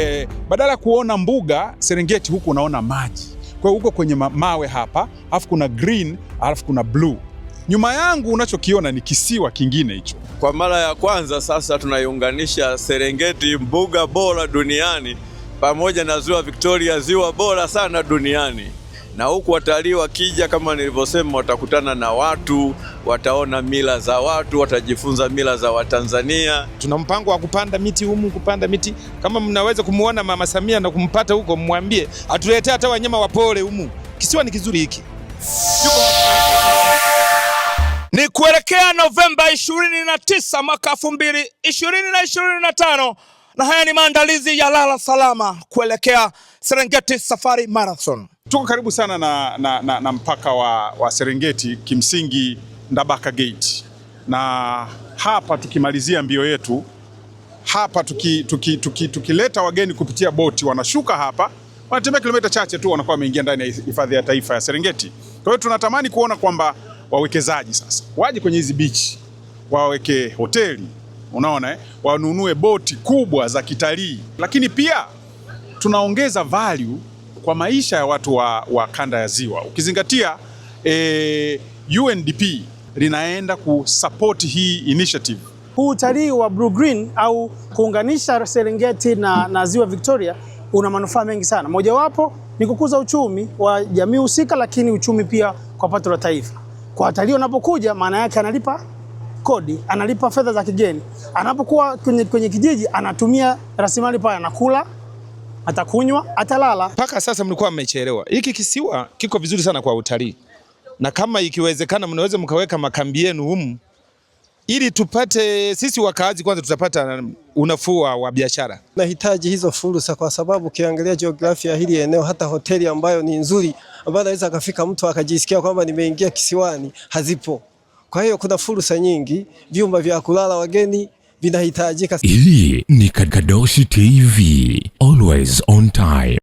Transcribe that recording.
E, badala ya kuona mbuga Serengeti huku unaona maji. Kwa hiyo huko kwenye mawe hapa, alafu kuna green, alafu kuna blue. Nyuma yangu unachokiona ni kisiwa kingine hicho. Kwa mara ya kwanza sasa tunaiunganisha Serengeti, mbuga bora duniani, pamoja na ziwa Victoria, ziwa bora sana duniani na huku watalii wakija, kama nilivyosema, watakutana na watu, wataona mila za watu, watajifunza mila za Watanzania. Tuna mpango wa kupanda miti humu, kupanda miti. Kama mnaweza kumuona Mama Samia na kumpata huko, mwambie atuletee hata wanyama wa pole humu. Kisiwa ni kizuri hiki. Ni kuelekea Novemba 29 mwaka 2025 na haya ni maandalizi ya lala salama kuelekea Serengeti Safari Marathon. Tuko karibu sana na, na, na, na mpaka wa, wa Serengeti, kimsingi Ndabaka Gate, na hapa tukimalizia mbio yetu hapa tukileta tuki, tuki, tuki wageni kupitia boti, wanashuka hapa, wanatembea kilomita chache tu, wanakuwa wameingia ndani ya hifadhi ya taifa ya Serengeti. Kwa hiyo tunatamani kuona kwamba wawekezaji sasa waje kwenye hizi bichi, waweke hoteli, unaona eh, wanunue boti kubwa za kitalii, lakini pia tunaongeza value kwa maisha ya watu wa, wa kanda ya Ziwa ukizingatia e, eh, UNDP linaenda kusupport hii initiative. Huu utalii wa Blue Green au kuunganisha Serengeti na, na Ziwa Victoria una manufaa mengi sana. Mojawapo ni kukuza uchumi wa jamii husika, lakini uchumi pia kwa pato la taifa. Kwa watalii wanapokuja, maana yake analipa kodi, analipa fedha za kigeni, anapokuwa kwenye, kwenye kijiji anatumia rasilimali pale, anakula atakunywa, atalala. Mpaka sasa mlikuwa mmechelewa. Hiki kisiwa kiko vizuri sana kwa utalii, na kama ikiwezekana, mnaweza mkaweka makambi yenu humu ili tupate sisi wakaazi kwanza, tutapata unafuu wa biashara. Nahitaji hizo fursa, kwa sababu ukiangalia jiografia hili eneo, hata hoteli ambayo ni nzuri, ambayo anaweza akafika mtu akajisikia kwamba nimeingia kisiwani, hazipo. Kwa hiyo kuna fursa nyingi, vyumba vya kulala wageni vinahitajika. Hii ni Kadoshi TV, always on time.